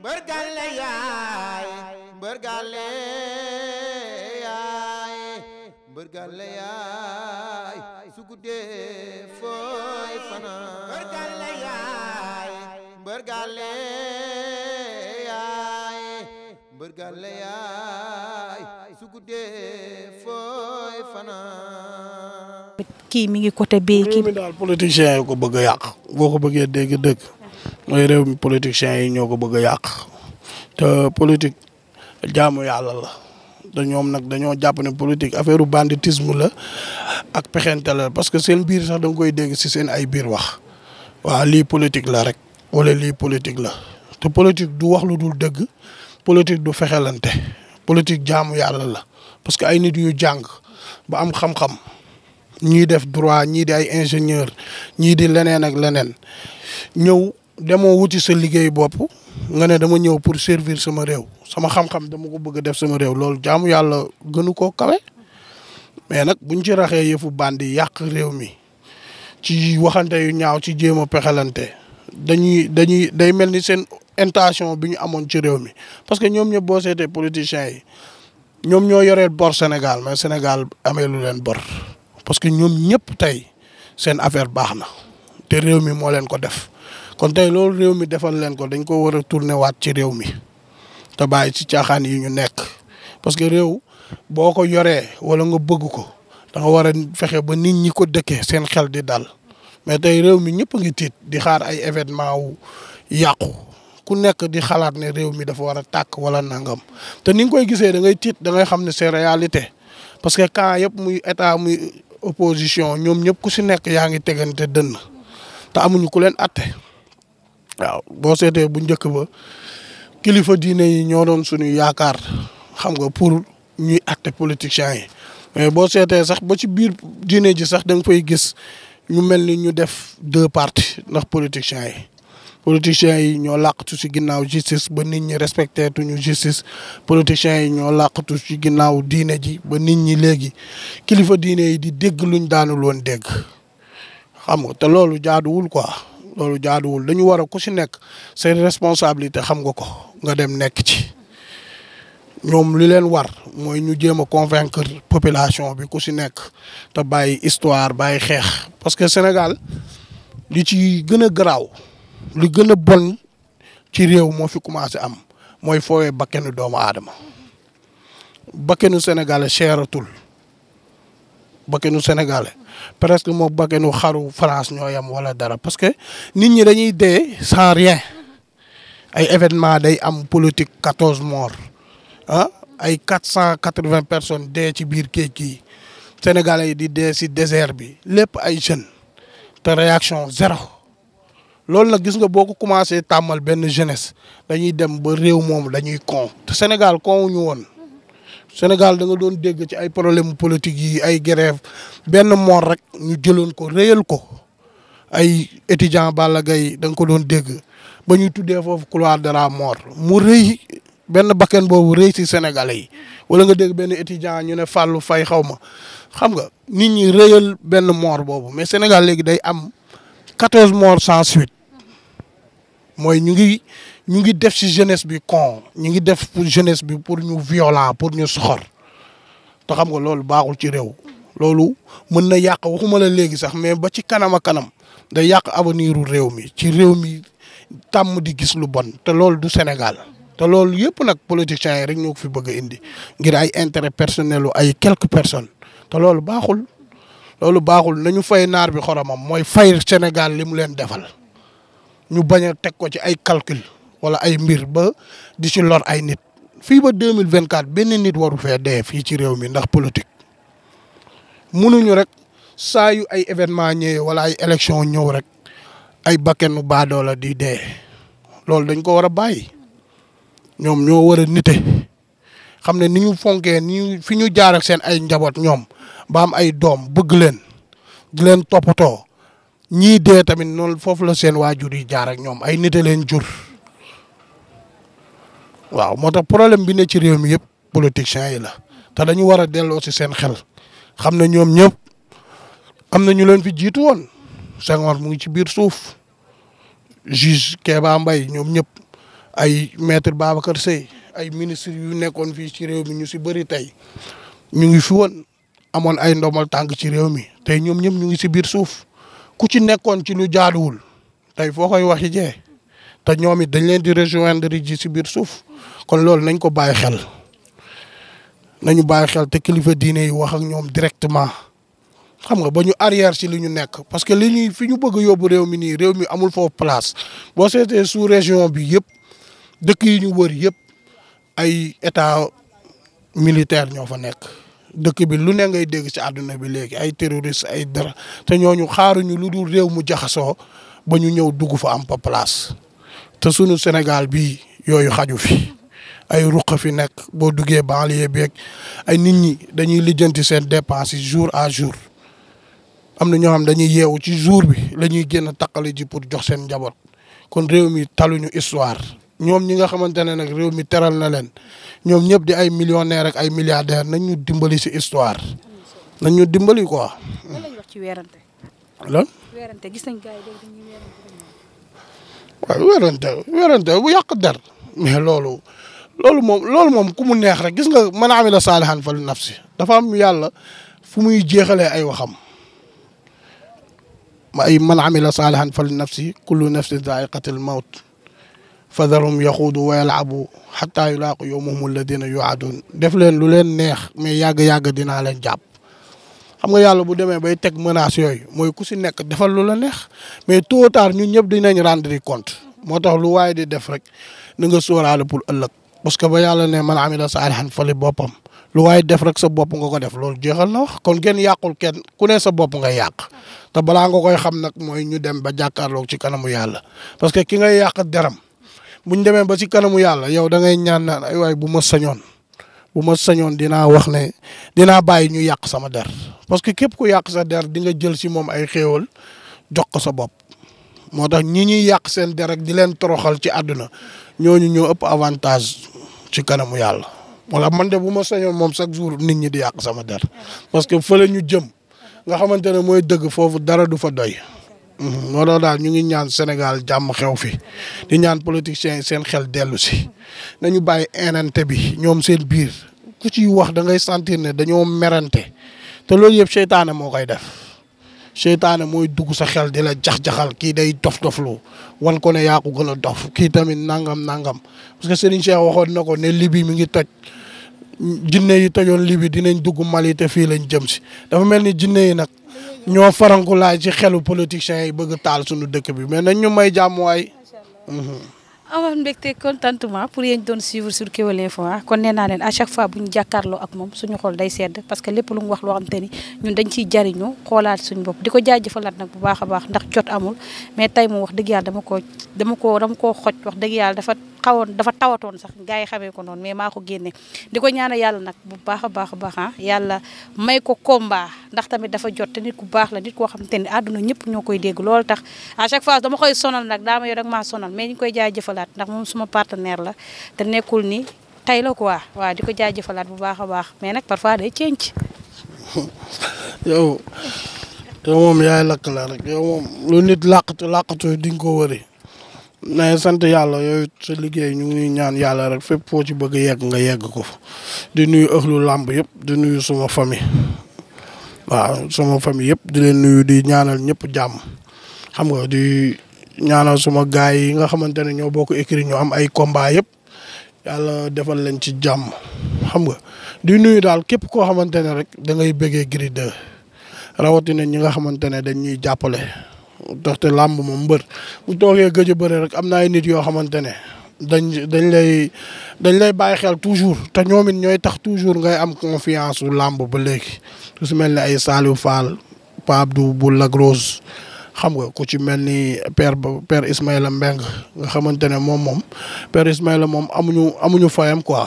mbër gàlle yaay mbër yaay mbër fooy fanaan mbër yaay mbër fooy fanaan kii mi ngi côté bii kii mi daal politicien yi ko bëgg a yàq boo ko bëggee dégg dëgg mooy réew mi politiciens yi ñoo ko bëgg a yàq te politique jaamu yàlla la te ñoom nag dañoo jàpp ne politique affaire banditisme la ak pexente la parce que seen biir sax da koy dégg si seen ay biir wax waa lii politique la rek wala lii politique la te politique du wax lu dul dëgg politique du fexelante politique jaamu yàlla la parce que ay nit yu jàng ba am xam-xam ñii def droit ñii di ay ingénieur ñii di leneen ak leneen ñëw demoo wuti sa liggéey bopp nga ne dama ñëw pour servir sama réew sama xam-xam dama ko bëgg a def sama réew loolu jaamu yàlla gënu koo kawe mais nag buñ ci raxee yëfu bandi yàq réew mi ci waxante yu ñaaw ci jéem pexelante dañuy dañuy day mel ni seen intention bi ñu amoon ci réew mi parce que ñoom ñëpp boo seetee politiciens yi ñoom ñoo yoreel bor Sénégal Sénégal amee lu leen bor parce que ñoom ñëpp tey seen affaire baax na te réew mi moo leen ko def kon tey loolu réew mi defal leen ko dañ ko war a tourner waat ci réew mi te bàyyi ci caaxaan yi ñu nekk parce que réew boo ko yoree wala nga bëgg ko da nga war a fexe ba nit ñi ko dëkkee seen xel di daal mais tey réew mi ñëpp ngi tiit di xaar ay événement wu yàqu ku nekk di xalaat ne réew mi dafa war a tàkk wala nangam te ni nga koy gisee da ngay tiit da xam ne c'est réalité parce que quand yëpp muy état muy opposition ñoom ñëpp ku si nekk yaa ngi tegante dënn te amuñu ku leen atte waaw boo seetee bu njëkk ba kilifa diine yi ñoo doon suñu yaakaar xam nga pour ñuy atte politiciens yi mais boo seetee sax ba ci biir diine ji sax da nga fay gis ñu mel ni ñu def deux parties ndax politiciens yi politiciens yi ñoo làqatu ci ginnaaw justice ba nit ñi respecté tuñu justice politiciens yi ñoo làqatu ci ginnaaw diine ji ba nit ñi léegi kilifa diine yi di dégg luñ daanu loon dégg xam nga te loolu jaaduwul quoi loolu jaaduwul dañu war a ku si nekk seen responsabilité xam nga ko nga dem nekk ci ñoom li leen war mooy ñu jéem a convaincre population bi ku si nekk te bàyyi histoire bàyyi xeex parce que Sénégal li ci gën a garaaw li gën a bon ci réew moo fi commencé am mooy foowee bakkenu doomu aadama bakkenu sénégalais seeratul bakkenu sénégalais presque moo bakkenu xaru France ñoo yem wala dara parce que nit ñi dañuy dee sans rien ay événement day am politique quatorze morts ah ay quatre cent quatre vingt personnes dee ci biir géej gi Sénégalais yi di dee si désert bi lépp ay jeunes te réaction zéro loolu nag gis nga boo ko commencé tàmmal benn jeunesse dañuy dem ba réew moom dañuy kon te Sénégal kon ñu woon Sénégal da nga doon dégg ci ay problème politique yi ay grève benn moor rek ñu jëloon ko réyal ko ay étudiant Balla Gaye da nga ko doon dégg ba ñu tuddee foofu couloir de la mort mu rëy benn bakken boobu rëy si sénégalais yi wala nga dégg benn étudiant ñu ne Fallou fay xaw ma xam nga nit ñi rëyal benn mort boobu mais Sénégal léegi day am quatorze morts sans suite mooy ñu ngi ñu ngi def ci jeunesse bi kon ñu ngi def jeunesse bi pour ñu violent pour ñu soxor te xam nga loolu baaxul ci réew loolu mën na yàq waxuma la léegi sax mais ba ci kanam kanam day yàq avenir u réew mi ci réew mi tàmm di gis lu bon te loolu du Sénégal te loolu yëpp nag politiciens yi rek ñoo fi bëgg indi ngir ay intérêt personnel ay quelques personnes te loolu baaxul loolu baaxul nañu fay naar bi xoromam mooy fay Sénégal li mu leen defal ñu bañ a teg ko ci ay calcul wala ay mbir ba di si lor ay nit fii ba deux mille vingt quatre benn nit waru fee dee fii ci réew mi ndax politique munuñu rek saayu ay événement ñëwee wala ay élection ñëw rek ay bakkenu baadoo la di dee loolu dañ ko war a bàyyi ñoom ñoo war a nite xam ne ni ñu fonkee ni fi ñu jaar seen ay njaboot ñoom baam ay doom bëgg leen di leen toppatoo ñii dee tamit noonu foofu la seen waajur yi jaarak ñoom ay nite leen jur waaw moo tax problème bi ne ci réew mi yëpp politiciens yi la te dañu war a delloo si seen xel xam na ñoom ñëpp am na ñu leen fi jiitu woon Senghor mu ngi ci biir suuf juge Kéba Mbaye ñoom ñëpp ay maître Babacar Seye ay ministre yu nekkoon fii ci réew mi ñu si bëri tey ñu ngi fi woon amoon ay ndomal tànk ci réew mi tey ñoom ñëpp ñu ngi si biir suuf ku ci nekkoon ci lu jaaduwul tey foo koy waxi jee te ñoom it dañ leen di rejoindre ji si biir suuf kon loolu nañ ko bàyyi xel nañu bàyyi xel te kilifa diine yi wax ak ñoom directement xam nga ba ñu arrière si li ñu nekk parce que li ñuy fi ñu bëgg yóbbu réew mi nii réew mi amul foofu place boo seetee sous région bi yëpp dëkk yi ñu wër yëpp ay état militaire ñoo fa nekk dëkk bi lu ne ngay dégg ci àdduna bi léegi ay terroriste ay dara te ñooñu xaaruñu lu dul réew mu jaxasoo ba ñu ñëw dugg fa am pa place te sunu Sénégal bi yooyu xaju fi ay ruq fi nekk boo duggee banlieue bi ak ay nit ñi dañuy lijjanti seen dépense yi jour à jour am na ñoo xam dañuy yeewu ci jour bi la ñuy génn taqali ji pour jox seen njaboot kon réew mi talu ñu histoire ñoom ñi nga xamante ne nag réew mi teral na leen ñoom ñëpp di ay millionnaire ak ay milliardaire nañ ñu dimbali si histoire nañu dimbali quoi. lan. gis waaw werante werante bu yàq der mais loolu loolu moom loolu moom ku mu neex rek gis nga man amila saalihan fal nafsi dafa am yàlla fu muy jeexalee ay waxam ma ay man amila saalihan fal nafsi kullu nafsin daa'iqatil mawt fadarum yaxuudu wa yalaabu xataa yulaaqu yowmahum alladina yuaadun def leen lu leen neex mais yàgg-yàgg dinaa leen jàpp xam nga yàlla bu demee bay teg menace yooyu mooy ku si nekk defal lu la neex mais tôt ou tard ñun ñëpp dinañ rendre compte moo tax lu waaye di def rek na nga sóoraale pour ëllëg parce que ba yàlla ne man amila saalihan fali boppam lu waaye def rek sa bopp nga ko def loolu jeexal na wax kon kenn yàqul kenn ku ne sa bopp nga yàq te balaa nga koy xam nag mooy ñu dem ba jàkkaarloog ci kanamu yàlla parce que ki ngay yàq deram buñ demee ba ci kanamu yàlla yow da ngay ñaan naan ay waay bu ma sañoon bu ma sañoon dinaa wax ne dinaa bàyyi ñu yàq sama der parce que képp ku yàq sa der di nga jël si moom ay xéewal jox ko sa bopp moo tax ñi ñuy yàq seen der rek di leen toroxal ci àdduna ñooñu ñoo ëpp avantage ci kanamu yàlla wala man de bu ma sañoon moom chaque jour nit ñi di yàq sama der parce que fële ñu jëm nga xamante ne mooy dëgg foofu dara du fa doy. Mhm. moo tax daal ñu ngi ñaan Sénégal jàmm xew fi di ñaan politiciens yi seen xel dellu si nañu bàyyi enante bi ñoom seen biir ku ciy wax dangay ngay ne dañoo merante. te loolu yëpp seytaane moo koy def seytaane mooy dugg sa xel di la jax-jaxal kii day dof-doflu wan ko yaa ko gën a dof kii tamit nangam nangam parce que Serigne Cheikh waxoon na ko ne libi mu ngi toj jinne yi tojoon libi dinañ dugg Mali te fii lañ jëm si dafa mel ni jinne yi nag ñoo faranku laa ci xelu politiciens yi bëgg taal suñu dëkk bi mais nañ ñu may jàmm amoon mbégte contentement pour yéen doon suivre sur Kewel Info ah. kon nee naa leen à chaque fois bu ñu jàkkaarloo ak moom suñu xol day sedd parce que lépp lu mu wax loo xamante ni ñun dañ ciy jariñu xoolaat suñu bopp di ko jaajëfalaat nag bu baax a baax ndax jot amul mais tey mu wax dëgg yàlla dama ko dama ko dama koo xoj wax dëgg yàlla dafa xawoon dafa tawatoon sax gars yi xamee ko noon mais maa ko génne di ko ñaana yàlla nag bu baax a baax a baax ah yàlla may ko combat ndax tamit dafa jot te nit ku baax la nit koo xamante ni àdduna ñëpp ñoo koy dégg loolu tax à fois dama koy sonal nag daa ma maa sonal mais ñu koy jaajëfalaat ndax moom suma partenaire la te nekkul ni tey la quoi waaw di ko jaajëfalaat bu baax a baax mais nag parfois day ceenc yow yow moom yaay lakk la rek yow moom lu nit làqatu làqatu di nga ko wëri mais sant yàlla yooyu sa liggéey ñu ngi ñaan yàlla rek fépp foo ci bëgg yegg nga yegg ko di nuyu lu làmp yëpp di nuyu suma famille waaw suma fami yëpp di leen nuyu di ñaanal ñëpp jàmm xam nga di ñaanal suma gaay yi nga xamante ne ñoo bokk écrit ñu am ay combat yëpp yàlla defal leen ci jàmm xam nga di nuyu daal képp koo xamante ne rek dangay bëggee Gris 2 rawatina ñi nga xamante ne dañ ñuy jàppale te làmb moom mbër bu toogee gëj a bëre rek am na ay nit yoo xamante ne dañ dañ lay dañ lay bàyyi xel toujours te ñoom it ñooy tax toujours ngay am confiance wu làmb ba léegi su si mel ni ay Saliou Fall Pape Abdou bu Lagrosse xam nga ku ci mel ni per père Ismaïla Mbengue nga xamante ne moom moom père Ismaïla moom amuñu amuñu fayam quoi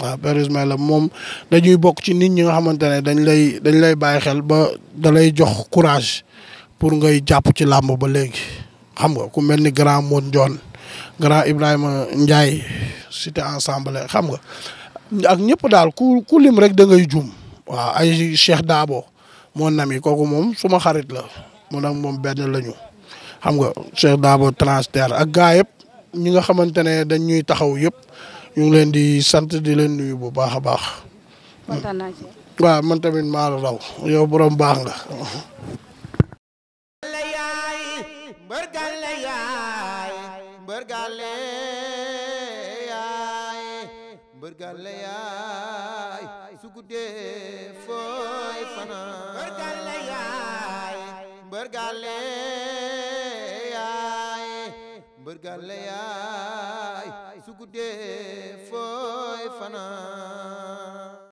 waaw père Ismaïla moom dañuy bokk ci nit ñi nga xamante ne dañ lay dañ lay bàyyi xel ba da lay jox courage pour ngay jàpp ci làmb ba léegi xam nga ku mel ni grand Modou Ndione grand Ibrahima Ndiaye cité ensemble xam nga ak ñëpp daal ku ku lim rek da ngay juum waaw ay Cheikh daabo moo nam yi kooku moom suma xarit la mu nag moom benn lañu xam nga daabo Dabo transfert ak gaa yëpp ñi nga xamante ne dañ ñuy taxaw yëpp ñu ngi leen di sant di leen nuyu bu baax a baax. kontaan naa ci. waaw man tamit maa la raw yow borom baax nga. mbër gàlle yaay mbër gàlle yaay mbër gàlle yaay su guddee fooy fanaan mbër gàlle yaay mbër gàlle yaay mbër gàlle yaay